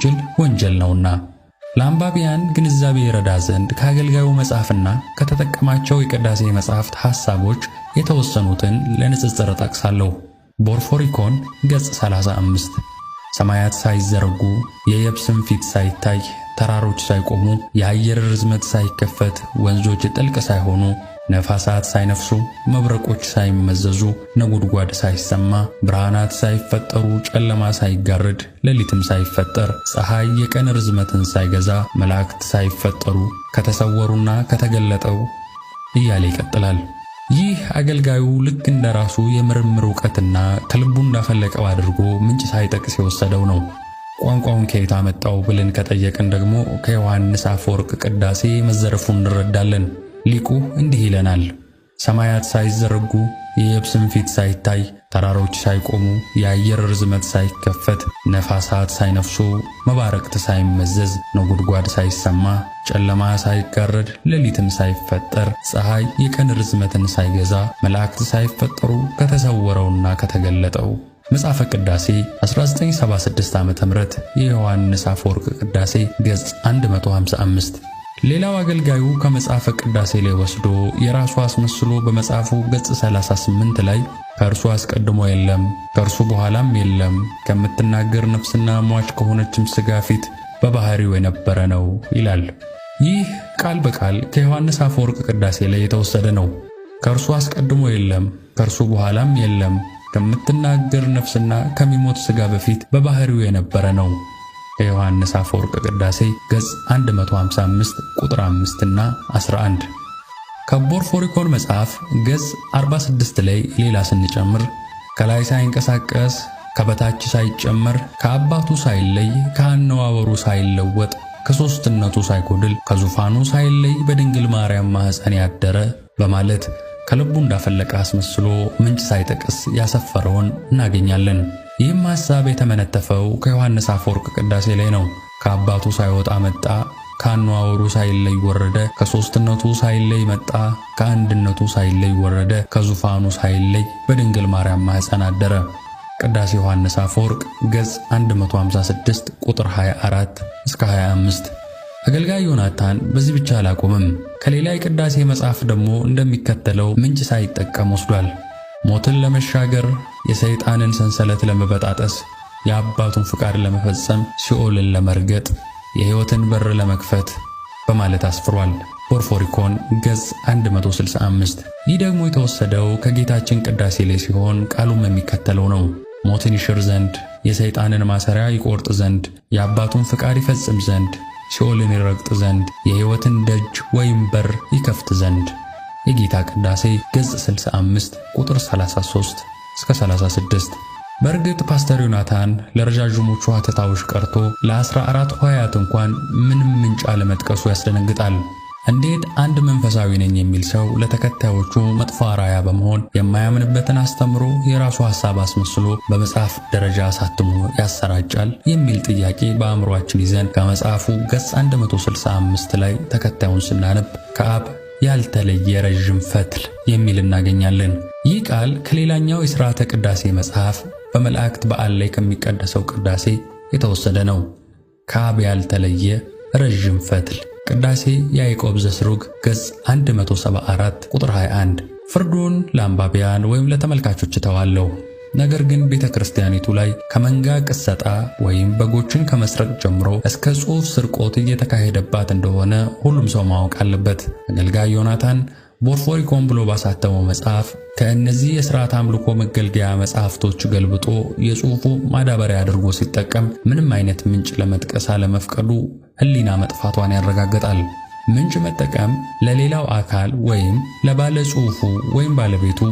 የሚችል ወንጀል ነውና ለአንባቢያን ግንዛቤ ይረዳ ዘንድ ከአገልጋዩ መጽሐፍና ከተጠቀማቸው የቅዳሴ መጽሐፍት ሐሳቦች የተወሰኑትን ለንጽጽር ጠቅሳለሁ። ቦርፎሪኮን ገጽ 35 ሰማያት ሳይዘረጉ የየብስም ፊት ሳይታይ ተራሮች ሳይቆሙ የአየር ርዝመት ሳይከፈት ወንዞች ጥልቅ ሳይሆኑ ነፋሳት ሳይነፍሱ፣ መብረቆች ሳይመዘዙ፣ ነጎድጓድ ሳይሰማ፣ ብርሃናት ሳይፈጠሩ፣ ጨለማ ሳይጋርድ፣ ሌሊትም ሳይፈጠር፣ ፀሐይ የቀን ርዝመትን ሳይገዛ፣ መላእክት ሳይፈጠሩ፣ ከተሰወሩና ከተገለጠው እያለ ይቀጥላል። ይህ አገልጋዩ ልክ እንደ ራሱ የምርምር እውቀትና ከልቡ እንዳፈለቀው አድርጎ ምንጭ ሳይጠቅስ የወሰደው ነው። ቋንቋውን ከየት አመጣው ብለን ከጠየቅን ደግሞ ከዮሐንስ አፈወርቅ ቅዳሴ መዘረፉን እንረዳለን። ሊቁ እንዲህ ይለናል። ሰማያት ሳይዘረጉ የየብስም ፊት ሳይታይ ተራሮች ሳይቆሙ የአየር ርዝመት ሳይከፈት ነፋሳት ሳይነፍሱ መባረቅት ሳይመዘዝ ነጎድጓድ ሳይሰማ ጨለማ ሳይጋረድ ሌሊትም ሳይፈጠር ፀሐይ የቀን ርዝመትን ሳይገዛ መላእክት ሳይፈጠሩ ከተሰወረውና ከተገለጠው መጽሐፈ ቅዳሴ 1976 ዓ.ም የዮሐንስ አፈወርቅ ቅዳሴ ገጽ 155 ሌላው አገልጋዩ ከመጽሐፈ ቅዳሴ ላይ ወስዶ የራሱ አስመስሎ በመጽሐፉ ገጽ 38 ላይ ከእርሱ አስቀድሞ የለም ከእርሱ በኋላም የለም ከምትናገር ነፍስና ሟች ከሆነችም ሥጋ ፊት በባሕሪው የነበረ ነው ይላል። ይህ ቃል በቃል ከዮሐንስ አፈወርቅ ቅዳሴ ላይ የተወሰደ ነው። ከእርሱ አስቀድሞ የለም ከእርሱ በኋላም የለም ከምትናገር ነፍስና ከሚሞት ሥጋ በፊት በባሕሪው የነበረ ነው። የዮሐንስ አፈወርቅ ቅዳሴ ገጽ 155 ቁጥር 5 እና 11 ከቦርፎሪኮን መጽሐፍ ገጽ 46 ላይ ሌላ ስንጨምር ከላይ ሳይንቀሳቀስ ከበታች ሳይጨመር ከአባቱ ሳይለይ ከአነዋወሩ ሳይለወጥ ከሦስትነቱ ሳይጎድል ከዙፋኑ ሳይለይ በድንግል ማርያም ማኅፀን ያደረ በማለት ከልቡ እንዳፈለቀ አስመስሎ ምንጭ ሳይጠቅስ ያሰፈረውን እናገኛለን። ይህም ሐሳብ የተመነተፈው ከዮሐንስ አፈወርቅ ቅዳሴ ላይ ነው። ከአባቱ ሳይወጣ መጣ፣ ከአነዋወሩ ሳይለይ ወረደ፣ ከሦስትነቱ ሳይለይ መጣ፣ ከአንድነቱ ሳይለይ ወረደ፣ ከዙፋኑ ሳይለይ በድንግል ማርያም ማኅፀን አደረ። ቅዳሴ ዮሐንስ አፈወርቅ ገጽ 156 ቁጥር 24 እስከ 25። አገልጋይ ዮናታን በዚህ ብቻ አላቆምም። ከሌላ የቅዳሴ መጽሐፍ ደግሞ እንደሚከተለው ምንጭ ሳይጠቀም ወስዷል። ሞትን ለመሻገር የሰይጣንን ሰንሰለት ለመበጣጠስ የአባቱን ፍቃድ ለመፈጸም ሲኦልን ለመርገጥ የሕይወትን በር ለመክፈት በማለት አስፍሯል። ፖርፎሪኮን ገጽ 165። ይህ ደግሞ የተወሰደው ከጌታችን ቅዳሴ ላይ ሲሆን ቃሉም የሚከተለው ነው። ሞትን ይሽር ዘንድ የሰይጣንን ማሰሪያ ይቆርጥ ዘንድ የአባቱን ፍቃድ ይፈጽም ዘንድ ሲኦልን ይረግጥ ዘንድ የሕይወትን ደጅ ወይም በር ይከፍት ዘንድ የጌታ ቅዳሴ ገጽ 65 ቁጥር 33 እስከ 36። በእርግጥ ፓስተር ዮናታን ለረዣዥሞቹ ሐተታዎች ቀርቶ ለ14 ሆሄያት እንኳን ምንም ምንጭ አለመጥቀሱ ያስደነግጣል። እንዴት አንድ መንፈሳዊ ነኝ የሚል ሰው ለተከታዮቹ መጥፎ አራያ በመሆን የማያምንበትን አስተምሮ የራሱ ሐሳብ አስመስሎ በመጽሐፍ ደረጃ አሳትሞ ያሰራጫል የሚል ጥያቄ በአእምሯችን ይዘን ከመጽሐፉ ገጽ 165 ላይ ተከታዩን ስናነብ ከአብ ያልተለየ ረዥም ፈትል የሚል እናገኛለን። ይህ ቃል ከሌላኛው የሥርዓተ ቅዳሴ መጽሐፍ በመላእክት በዓል ላይ ከሚቀደሰው ቅዳሴ የተወሰደ ነው። ከአብ ያልተለየ ረዥም ፈትል ቅዳሴ ያዕቆብ ዘስሩግ ገጽ 174 ቁጥር 21። ፍርዱን ለአንባቢያን ወይም ለተመልካቾች እተዋለሁ። ነገር ግን ቤተ ክርስቲያኒቱ ላይ ከመንጋ ቅሰጣ ወይም በጎችን ከመስረቅ ጀምሮ እስከ ጽሑፍ ስርቆት እየተካሄደባት እንደሆነ ሁሉም ሰው ማወቅ አለበት። አገልጋይ ዮናታን ቦርፎሪኮን ብሎ ባሳተመው መጽሐፍ ከእነዚህ የሥርዓት አምልኮ መገልገያ መጽሐፍቶች ገልብጦ የጽሑፉ ማዳበሪያ አድርጎ ሲጠቀም ምንም አይነት ምንጭ ለመጥቀስ አለመፍቀዱ ሕሊና መጥፋቷን ያረጋግጣል። ምንጭ መጠቀም ለሌላው አካል ወይም ለባለ ጽሑፉ ወይም ባለቤቱ